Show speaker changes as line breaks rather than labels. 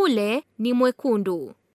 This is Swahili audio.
Ule ni mwekundu.